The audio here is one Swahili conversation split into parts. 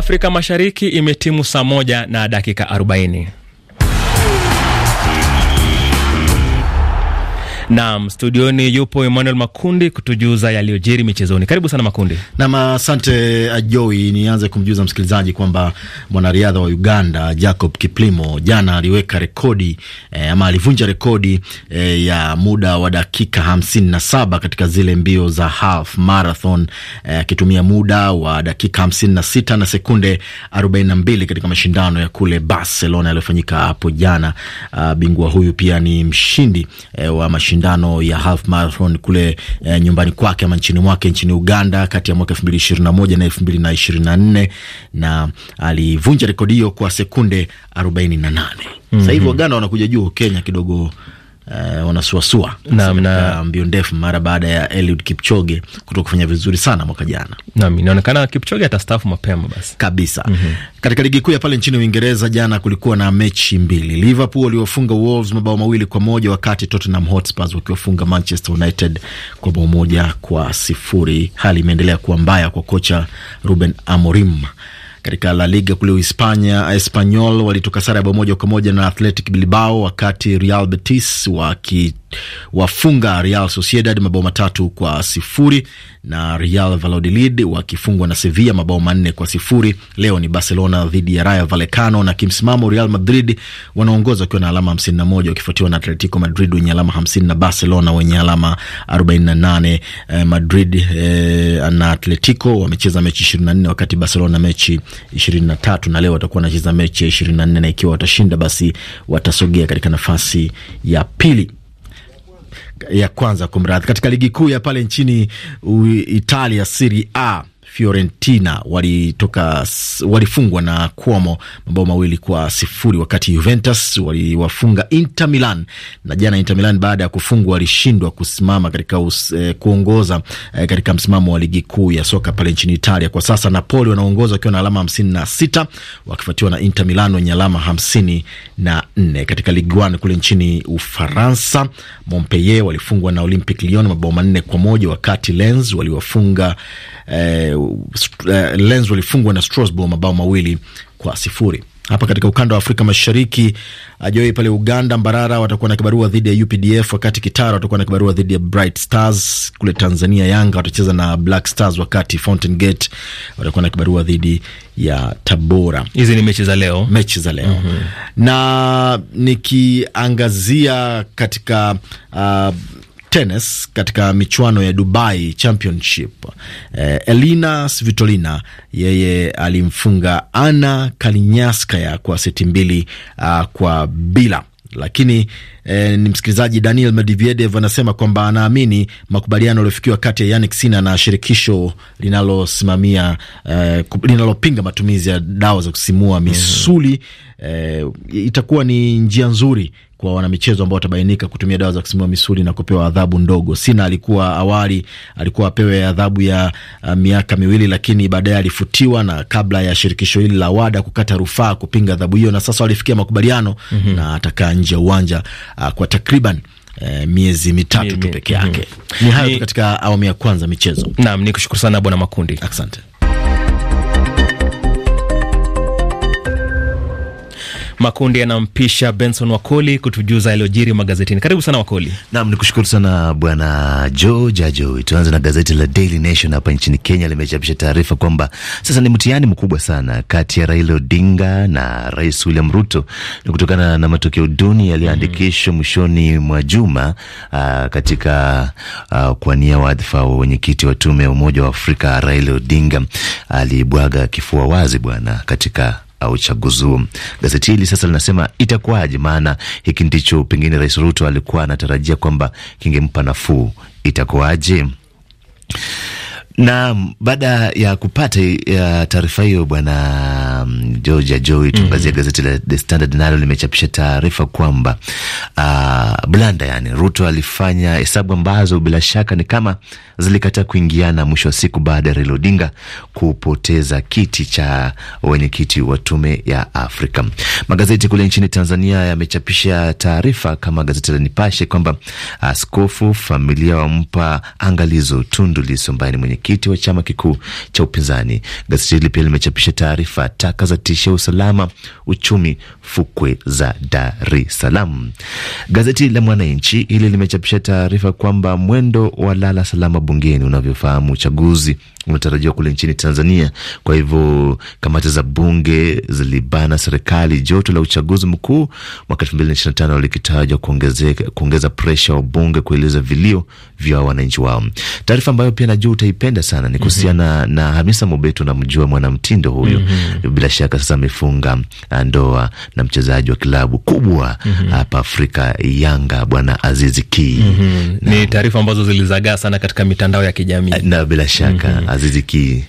Afrika Mashariki imetimu saa moja na dakika arobaini Naam, studioni yupo Emmanuel Makundi kutujuza yaliyojiri michezoni. Karibu sana Makundi. Naam, asante Ajoi. Uh, Nianze kumjuza msikilizaji kwamba mwanariadha wa Uganda Jacob Kiplimo jana aliweka rekodi eh, ama alivunja rekodi eh, ya muda wa dakika hamsini na saba katika zile mbio za half marathon eh, akitumia eh, muda wa dakika hamsini na sita na sekunde arobaini na mbili katika mashindano ya kule Barcelona yaliyofanyika hapo jana. Uh, bingwa huyu pia ni mshindi eh, wa mashindano mashindano ya half marathon kule eh, nyumbani kwake ama nchini mwake nchini Uganda kati ya mwaka 2021 na 2024 na alivunja rekodi hiyo kwa sekunde 48. Mm -hmm. Sasa hivi mhm. Waganda wanakuja juu, Kenya kidogo uh, wanasuasua na mbio ndefu mara baada ya Eliud Kipchoge kutoka kufanya vizuri sana mwaka jana. Naam, inaonekana Kipchoge atastaafu mapema basi kabisa. mm -hmm. Katika ligi kuu ya pale nchini Uingereza jana kulikuwa na mechi mbili. Liverpool waliofunga Wolves mabao mawili kwa moja wakati Tottenham Hotspurs wakiwafunga Manchester United kwa bao moja kwa sifuri. Hali imeendelea kuwa mbaya kwa kocha Ruben Amorim katika La Liga kule uhispanya Espanyol walitoka sare ya bao moja kwa moja na Athletic Bilbao, wakati Real Betis waki wafunga Real Sociedad mabao matatu kwa sifuri na Real Valladolid wakifungwa na Sevilla mabao manne kwa sifuri. Leo ni Barcelona dhidi ya Rayo Vallecano, na kimsimamo Real Madrid wanaongoza wakiwa na alama 51 wakifuatiwa na Atletico Madrid wenye alama 50 na Barcelona wenye alama 48. Eh, Madrid eh, na Atletico wamecheza mechi 24 wakati Barcelona mechi 23, na leo watakuwa wanacheza mechi 24 na ikiwa watashinda basi watasogea katika nafasi ya pili ya kwanza kumradhi, katika ligi kuu ya pale nchini Italia Serie A Fiorentina walitoka walifungwa na Cuomo mabao mawili kwa sifuri, wakati Juventus waliwafunga Inter Milan. Na jana Inter Milan baada ya kufungwa walishindwa kusimama katika us, eh, kuongoza eh, katika msimamo wa ligi kuu ya soka pale nchini Italia. Kwa sasa Napoli wanaongoza wakiwa na alama hamsini na sita wakifuatiwa na Inter Milan wenye alama hamsini na nne. Katika Ligue kule nchini Ufaransa, Montpellier walifungwa na Olympic Lyon mabao manne kwa moja, wakati Lens waliwafunga eh, uh, eh, Lens walifungwa na Strasbourg mabao mawili kwa sifuri. Hapa katika ukanda wa Afrika Mashariki ajoi pale Uganda, Mbarara watakuwa na kibarua dhidi ya UPDF, wakati Kitara watakuwa na kibarua dhidi ya Bright Stars. Kule Tanzania, Yanga watacheza na Black Stars, wakati Fountain Gate watakuwa na kibarua dhidi ya Tabora. Hizi ni mechi za leo, mechi za leo mm -hmm. na nikiangazia katika uh, tennis katika michuano ya Dubai Championship. Eh, Elina Svitolina yeye alimfunga Ana Kalinyaskaya kwa seti mbili uh, kwa bila lakini E, ni msikilizaji Daniel Medvedev anasema kwamba anaamini makubaliano yaliyofikiwa kati ya Jannik Sinner na shirikisho linalosimamia eh, linalopinga matumizi ya dawa za kusimua mhm. misuli eh, itakuwa ni njia nzuri kwa wanamichezo ambao watabainika kutumia dawa za kusimua misuli na kupewa adhabu ndogo. Sina alikuwa awali alikuwa apewe adhabu ya uh, miaka miwili, lakini baadaye alifutiwa na kabla ya shirikisho hili la WADA kukata rufaa kupinga adhabu hiyo, na sasa walifikia makubaliano mm -hmm. na atakaa nje ya uwanja uh, kwa takriban uh, miezi mitatu tu peke yake. Ni hayo katika awamu ya kwanza michezo. Naam, nikushukuru sana Bwana Makundi. Asante. Makundi yanampisha Benson Wakoli kutujuza yaliyojiri magazetini. Karibu sana Wakoli. Naam, nikushukuru sana bwana George Ajoi. Tuanze na gazeti la Daily Nation hapa nchini Kenya, limechapisha taarifa kwamba sasa ni mtihani mkubwa sana kati ya Raila Odinga na Rais William Ruto, ni kutokana na matokeo duni yaliyoandikishwa mm-hmm. mwishoni mm, mwa juma uh, katika uh, kuania wadhifa wa wenyekiti wa tume ya Umoja wa Afrika. Raila Odinga alibwaga kifua wazi bwana katika uchaguzi huo. Gazeti hili sasa linasema itakuwaje? Maana hiki ndicho pengine Rais Ruto alikuwa anatarajia kwamba kingempa nafuu, itakuwaje? Na baada ya kupata eh, taarifa hiyo, bwana um, Georgia Joy tuangazia mm -hmm. Gazeti la The Standard nalo limechapisha taarifa kwamba uh, blanda yani Ruto alifanya hesabu ambazo bila shaka ni kama zilikataa kuingiana mwisho wa siku baada ya Raila Odinga kupoteza kiti cha wenyekiti wa tume ya Afrika. Magazeti kule nchini Tanzania yamechapisha taarifa kama gazeti la Nipashe kwamba uh, askofu familia wampa angalizo Tundu Lissu ambaye ni mwenyekiti wa chama kikuu cha upinzani. Gazeti hili pia limechapisha taarifa ta taka za tishia usalama uchumi fukwe za Dar es Salaam. Gazeti la Mwananchi hili limechapisha taarifa kwamba mwendo wa lala salama bungeni, unavyofahamu uchaguzi unatarajiwa kule nchini Tanzania. Kwa hivyo kamati za bunge zilibana serikali, joto la uchaguzi mkuu mwaka 2025 likitajwa kuongeza presha bunge kueleza vilio vya wananchi wao. Taarifa ambayo pia najua utaipenda sana ni kuhusiana mm -hmm. na Hamisa Mobeto, namjua mwanamtindo huyo mm -hmm bila shaka sasa amefunga uh, ndoa na mchezaji wa klabu kubwa mm -hmm. Afrika Yanga, bwana Azizi Ki mm -hmm. ni taarifa ambazo zilizagaa sana katika mitandao ya kijamii na bila shaka mm -hmm. Azizi Ki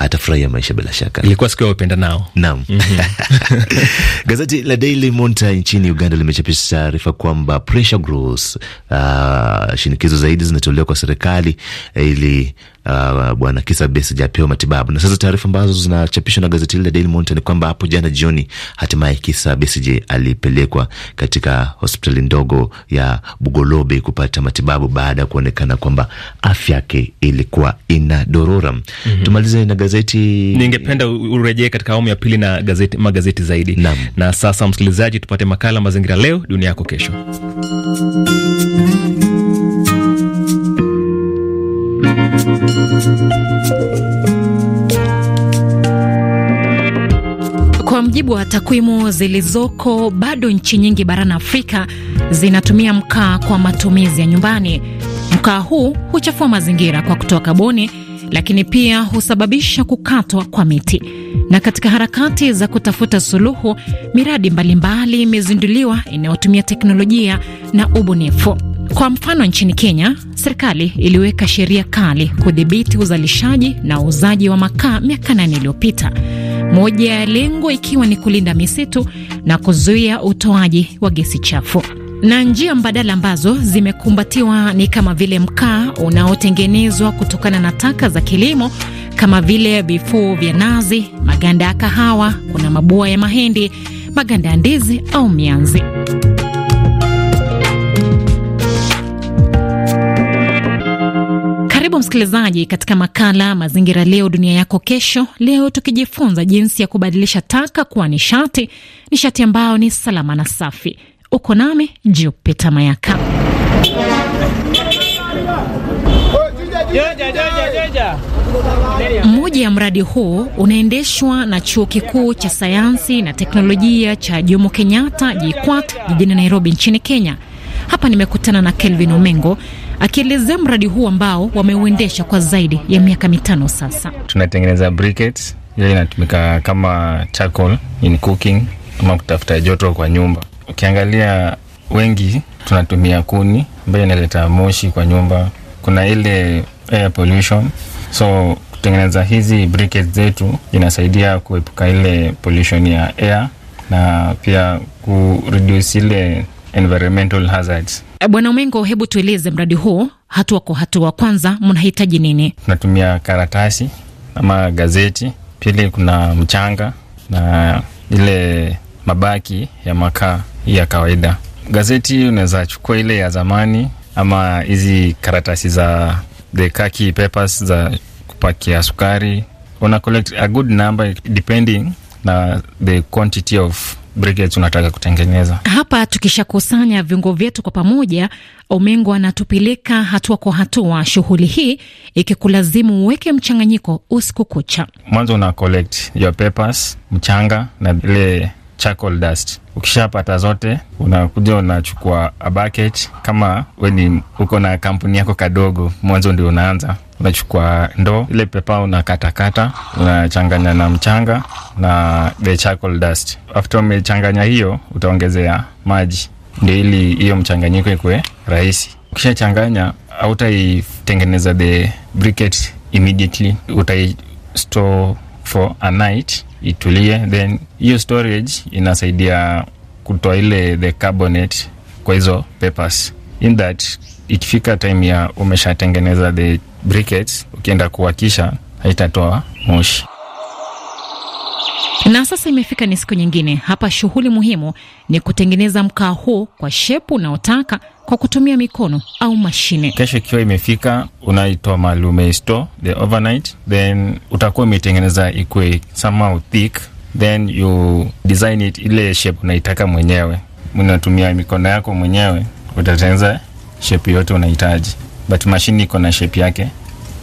atafurahia maisha bila shaka. Ilikuwa siku ya upenda nao. Naam. mm -hmm. Gazeti la Daily Monitor nchini Uganda limechapisha taarifa kwamba pressure grows, uh, shinikizo zaidi zinatolewa kwa serikali eh, ili uh, bwana Kizza Besigye apewa matibabu. Na sasa taarifa ambazo zinachapishwa na gazeti la Daily Monitor ni kwamba hapo jana jioni hatimaye Kizza Besigye alipelekwa katika hospitali ndogo ya Bugolobe kupata matibabu baada ya kuonekana kwamba afya yake ilikuwa dorora. mm -hmm. Tumalize na gazeti, ningependa urejee katika awamu ya pili na gazeti, magazeti zaidi na. Na sasa msikilizaji, tupate makala Mazingira Leo Dunia Yako Kesho. mujibu wa takwimu zilizoko, bado nchi nyingi barani Afrika zinatumia mkaa kwa matumizi ya nyumbani. Mkaa huu huchafua mazingira kwa kutoa kaboni, lakini pia husababisha kukatwa kwa miti. Na katika harakati za kutafuta suluhu, miradi mbalimbali imezinduliwa inayotumia teknolojia na ubunifu. Kwa mfano, nchini Kenya, serikali iliweka sheria kali kudhibiti uzalishaji na uuzaji wa makaa miaka nane iliyopita moja ya lengo ikiwa ni kulinda misitu na kuzuia utoaji wa gesi chafu na njia mbadala ambazo zimekumbatiwa ni kama vile mkaa unaotengenezwa kutokana na taka za kilimo kama vile vifuu vya nazi, maganda ya kahawa, kuna mabua ya mahindi, maganda ya ndizi au mianzi. Karibu msikilizaji katika makala Mazingira Leo Dunia Yako Kesho. Leo tukijifunza jinsi ya kubadilisha taka kuwa nishati, nishati ambayo ni salama na safi. Uko nami Jupita Mayaka. Mmoja ya mradi huu unaendeshwa na Chuo Kikuu cha Sayansi na Teknolojia cha Jomo Kenyatta JKUAT jijini Nairobi nchini Kenya. Hapa nimekutana na Kelvin Omengo akielezea mradi huu ambao wameuendesha kwa zaidi ya miaka mitano sasa. Tunatengeneza briquettes, inatumika kama charcoal in cooking ama kutafuta joto kwa nyumba. Ukiangalia wengi tunatumia kuni ambayo inaleta moshi kwa nyumba. Kuna ile air pollution, so kutengeneza hizi briquettes zetu inasaidia kuepuka ile pollution ya air na pia kureduce ile environmental hazards. Eh, Bwana Umengo, hebu tueleze mradi huu hatua kwa hatua. Kwanza mnahitaji nini? Tunatumia karatasi ama gazeti, pili kuna mchanga na ile mabaki ya makaa ya kawaida. Gazeti unaweza chukua ile ya zamani ama hizi karatasi za the khaki papers za kupakia sukari. Una collect a good number depending na the quantity of brigade tunataka kutengeneza hapa. Tukishakusanya viungo vyetu kwa pamoja, Omengo anatupeleka hatua kwa hatua, shughuli hii ikikulazimu uweke mchanganyiko usiku kucha. Mwanzo una collect your papers, mchanga na ile charcoal dust. Ukishapata zote, unakuja unachukua a bucket. Kama we ni uko na kampuni yako kadogo, mwanzo ndio unaanza, unachukua ndoo ile pepa, unakatakata, unachanganya na mchanga na the charcoal dust. After umechanganya hiyo, utaongezea maji ndio ili hiyo mchanganyiko ikwe rahisi. Ukishachanganya, hautaitengeneza the briquette immediately, utai for a night itulie, then hiyo storage inasaidia kutoa ile the carbonate kwa hizo papers, in that ikifika time ya umeshatengeneza the briquettes, ukienda kuwakisha haitatoa moshi. Na sasa imefika ni siku nyingine. Hapa shughuli muhimu ni kutengeneza mkaa huu kwa shepu unaotaka kwa kutumia mikono au mashine. Kesho ikiwa imefika, unaitoa malume umeisto the overnight, then utakuwa umetengeneza ikwe somehow thick, then you design it ile shape unaitaka mwenyewe. Unatumia mikono yako mwenyewe utatengeneza shape yote unahitaji, but mashine iko na shape yake,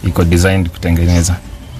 iko designed kutengeneza.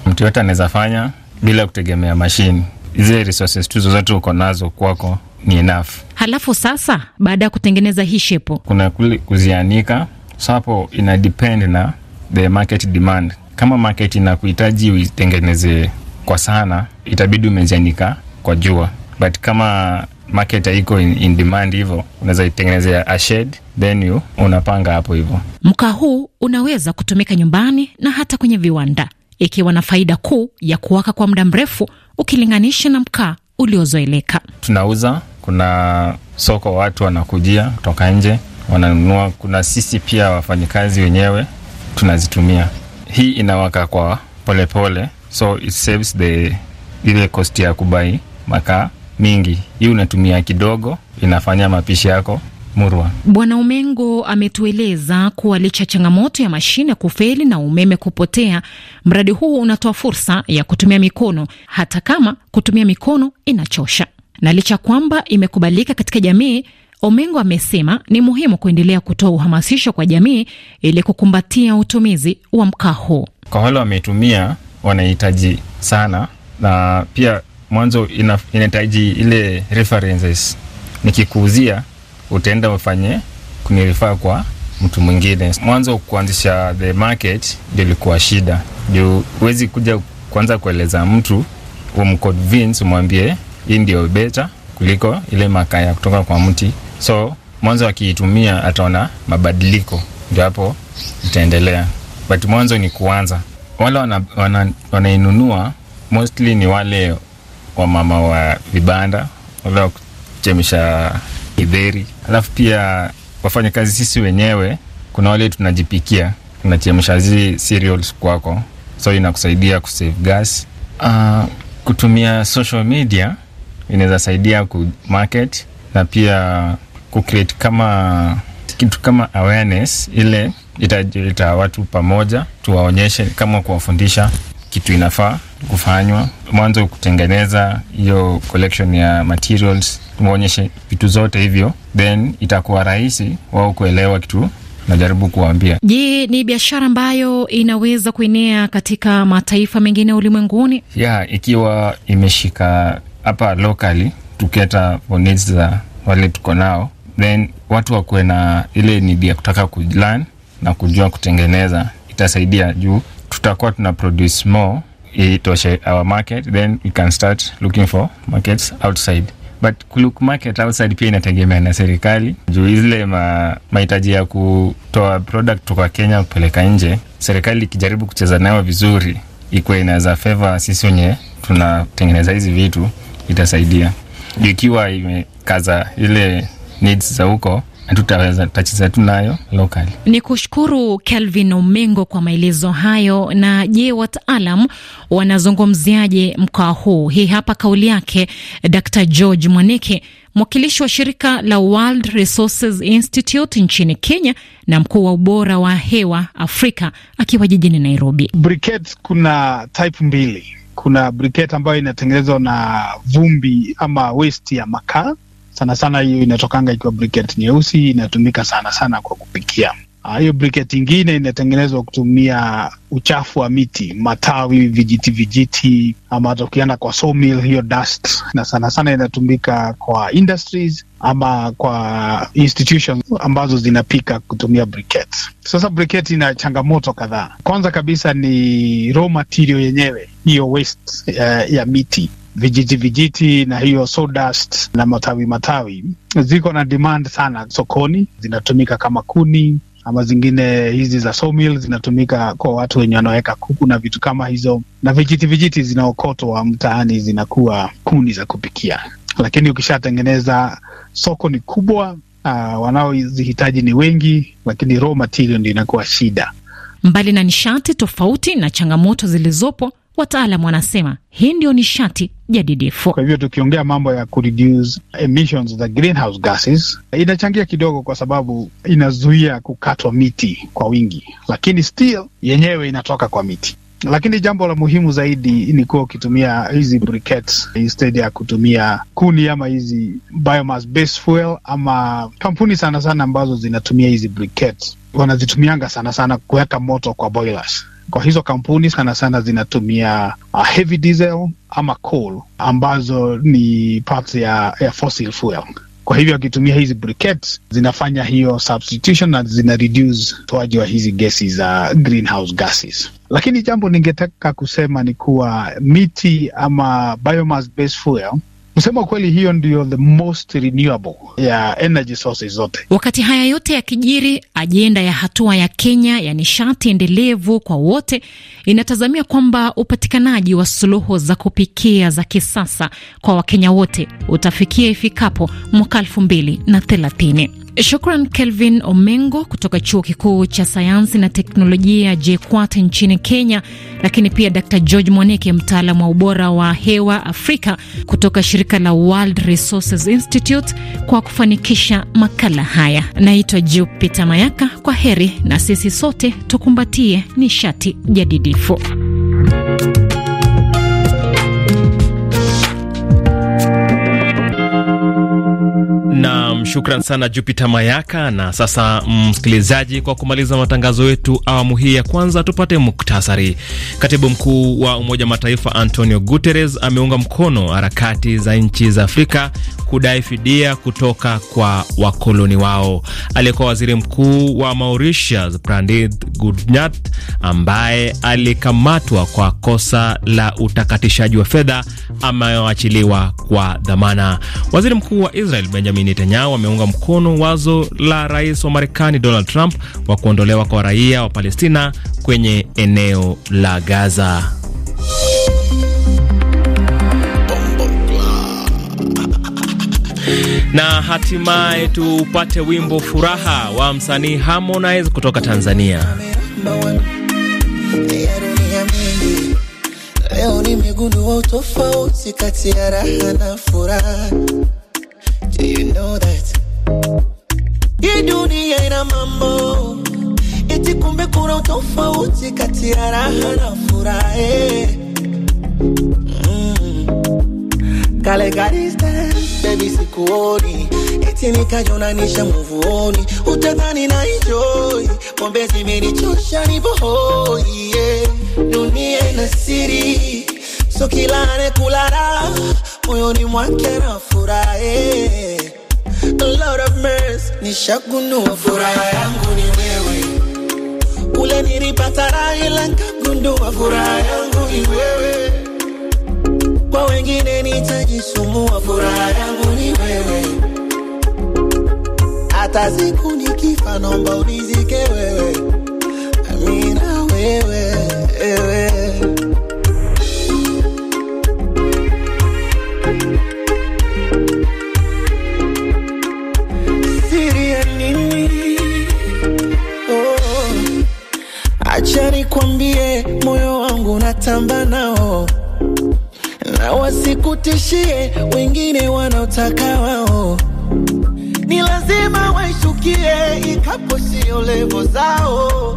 Mtu yote anaweza fanya bila kutegemea mashine. Zile resources tu zozote uko nazo kwako ni enough. Halafu sasa baada ya kutengeneza hii shepo, kuna kule kuzianika. Sapo ina depend na the market demand. Kama market inakuhitaji uitengeneze kwa sana, itabidi umezianika kwa jua, but kama market haiko in, in demand hivyo unaweza itengenezea a shed then you unapanga hapo hivyo. Mkaa huu unaweza kutumika nyumbani na hata kwenye viwanda, ikiwa na faida kuu ya kuwaka kwa muda mrefu ukilinganisha na mkaa uliozoeleka. Tunauza kuna soko watu wanakujia kutoka nje wananunua. Kuna sisi pia wafanyikazi wenyewe tunazitumia. Hii inawaka kwa polepole pole, so it saves the ile kosti ya kubai makaa mingi. Hii unatumia kidogo, inafanya mapishi yako murwa. Bwana Umengo ametueleza kuwa licha changamoto ya mashine kufeli na umeme kupotea, mradi huu unatoa fursa ya kutumia mikono, hata kama kutumia mikono inachosha na licha kwamba imekubalika katika jamii, Omengo amesema ni muhimu kuendelea kutoa uhamasisho kwa jamii ili kukumbatia utumizi wa mkaa huu. Kwa wale wametumia, wanahitaji sana, na pia mwanzo inahitaji ile references. Nikikuuzia utaenda ufanye kunirifaa kwa mtu mwingine. Mwanzo kuanzisha the market ndio ilikuwa shida, juu huwezi kuja kuanza kueleza mtu umconvince, umwambie hii ndio beta kuliko ile makaa ya kutoka kwa mti. So mwanzo akiitumia ataona mabadiliko, ndio hapo itaendelea, but mwanzo ni kuanza. Wale wanainunua wana, wana mostly ni wale wamama wa vibanda, wale wa kuchemisha githeri, alafu pia wafanya kazi sisi wenyewe. Kuna wale tunajipikia, tunachemsha zi cereals kwako, so inakusaidia kusave gas. Uh, kutumia social media inaweza saidia ku market na pia ku create kama kitu kama awareness ile itajileta watu pamoja, tuwaonyeshe kama kuwafundisha kitu inafaa kufanywa mwanzo, kutengeneza hiyo collection ya materials, tuwaonyeshe vitu zote hivyo, then itakuwa rahisi wao kuelewa kitu najaribu kuwaambia. Je, ni biashara ambayo inaweza kuenea katika mataifa mengine ulimwenguni? Ya, ikiwa imeshika hapa locally tuketa for needs za wale tuko nao, then watu wakuwe na ile nidi ya kutaka kulearn na kujua kutengeneza, itasaidia juu tutakuwa tuna produce more itoshe our market, then we can start looking for markets outside but look market outside pia inategemea na serikali juu zile ma, mahitaji ya kutoa product kutoka Kenya kupeleka nje, serikali ikijaribu kucheza nayo vizuri, ikuwa inaweza feva sisi wenye tunatengeneza hizi vitu itasaidia ikiwa imekaza ile needs za huko tutacheza tu nayo lokali. Ni kushukuru Kelvin Omengo kwa maelezo hayo. Na je, wataalam wanazungumziaje mkoa huu? Hii hapa kauli yake Dr George Mwaneke, mwakilishi wa shirika la World Resources Institute nchini Kenya na mkuu wa ubora wa hewa Afrika, akiwa jijini Nairobi. Briket kuna type mbili kuna briket ambayo inatengenezwa na vumbi ama westi ya makaa. Sana sana hiyo inatokanga ikiwa briket nyeusi, inatumika sana sana kwa kupikia. Ah, hiyo uh, briket ingine inatengenezwa kutumia uchafu wa miti, matawi, vijiti vijiti, ama hata ukienda kwa sawmill, hiyo dust, na sana sana inatumika kwa industries ama kwa institutions ambazo zinapika kutumia briket. Sasa briket ina changamoto kadhaa. Kwanza kabisa ni raw material yenyewe, hiyo waste uh, ya miti vijiti vijiti na hiyo sawdust na matawi matawi ziko na demand sana sokoni, zinatumika kama kuni, ama zingine hizi za sawmill zinatumika kwa watu wenye wanaweka kuku na vitu kama hizo, na vijiti vijiti zinaokotwa mtaani zinakuwa kuni za kupikia. Lakini ukishatengeneza, soko ni kubwa, uh, wanaozihitaji ni wengi, lakini raw material ndio inakuwa shida. Mbali na nishati tofauti na changamoto zilizopo Wataalam wanasema hii ndio nishati jadidifu. Kwa hivyo tukiongea mambo ya kureduce emissions greenhouse gases, inachangia kidogo, kwa sababu inazuia kukatwa miti kwa wingi, lakini still yenyewe inatoka kwa miti lakini jambo la muhimu zaidi ni kuwa ukitumia hizi briquettes instead ya kutumia kuni ama hizi biomass based fuel, ama kampuni sana sana ambazo zinatumia hizi briquettes wanazitumianga sana sana kuweka moto kwa boilers. Kwa hizo kampuni sana sana zinatumia uh, heavy diesel ama coal ambazo ni part ya, ya fossil fuel. Kwa hivyo akitumia hizi briquettes zinafanya hiyo substitution na zina reduce utoaji wa hizi gesi za uh, greenhouse gases. Lakini jambo ningetaka kusema ni kuwa miti ama biomass based fuel Msema kweli, hiyo ndio the most renewable ya energy sources zote. Wakati haya yote yakijiri, ajenda ya hatua ya Kenya ya nishati endelevu kwa wote inatazamia kwamba upatikanaji wa suluhu za kupikia za kisasa kwa Wakenya wote utafikia ifikapo mwaka elfu mbili na thelathini. Shukran Kelvin Omengo kutoka Chuo Kikuu cha Sayansi na Teknolojia JKUAT nchini Kenya, lakini pia Dr George Mwaneke, mtaalamu wa ubora wa hewa Afrika kutoka shirika la World Resources Institute kwa kufanikisha makala haya. Naitwa Jupiter Mayaka, kwa heri, na sisi sote tukumbatie nishati jadidifu. shukran sana Jupiter Mayaka. Na sasa mm, msikilizaji, kwa kumaliza matangazo yetu awamu hii ya kwanza, tupate muktasari. Katibu mkuu wa Umoja Mataifa Antonio Guterres ameunga mkono harakati za nchi za Afrika kudai fidia kutoka kwa wakoloni wao. Aliyekuwa waziri mkuu wa Mauritius Pranith Gudnat, ambaye alikamatwa kwa kosa la utakatishaji wa fedha, ameachiliwa kwa dhamana. Waziri mkuu wa Israel Benjamin Netanyahu wameunga mkono wazo la rais wa Marekani Donald Trump wa kuondolewa kwa raia wa Palestina kwenye eneo la Gaza. na hatimaye tupate wimbo Furaha wa msanii Harmonize kutoka Tanzania. Leo nimegundua utofauti kati ya raha na furaha. Do you know that? Hii dunia ina mambo eti, kumbe kuna utofauti kati ya raha na furaha mm. Kale ka baby, sikuoni eti nikajonanisha muvuoni, utadhani na enjoy pombe zimenichosha nibohoi yeah. Dunia ina siri so kila anekula moyoni mwake na furaha eh nishagundua furaha yangu ni wewe, ule nilipata raha, ila nikagundua furaha yangu ni wewe. Kwa wengine nitajisumbua, furaha yangu ni wewe. Hata siku nikifa, naomba unizike wewe wanaotaka wao ni lazima waishukie, ikapo sio levo zao.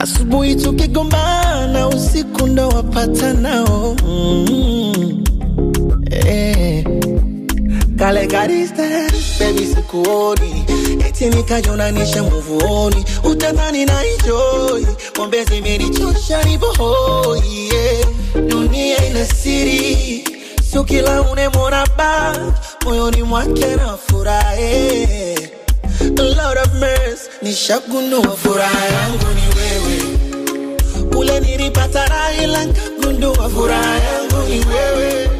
Asubuhi tukigombana, usiku ndo wapata nao mm -hmm. eh. kariste baby, sikuoni eti nikajonanisha muvuoni, utadhani na enjoy mombezi, imenichosha nivohoi. yeah. Dunia ina siri So kila unemwona ba moyoni mwake na furahi. Lord of mercy, nishagundua furaha yangu ni wewe. Kule nilipata raha ila nikagundua furaha yangu ni wewe.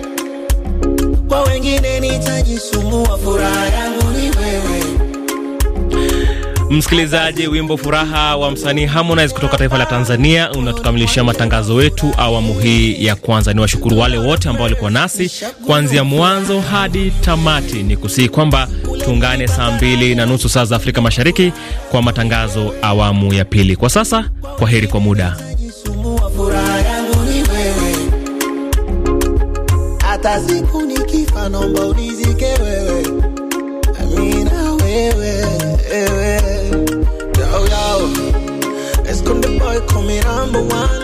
Kwa wengine nitajisumbua, furaha yangu Msikilizaji, wimbo furaha wa msanii Harmonize kutoka taifa la Tanzania unatukamilishia matangazo yetu awamu hii ya kwanza. Ni washukuru wale wote ambao walikuwa nasi kuanzia mwanzo hadi tamati. Ni kusihi kwamba tuungane saa mbili na nusu saa za Afrika Mashariki kwa matangazo awamu ya pili. Kwa sasa, kwa heri kwa muda. Hata siku nikifa naomba unizike wewe call me number one